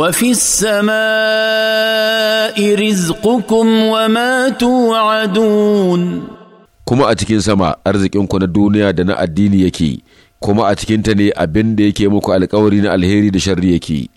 وفي السماء رزقكم وما توعدون kuma a cikin sama arzikinku na duniya da na addini yake kuma a cikinta ne abin da yake muku alkawari na alheri da sharri yake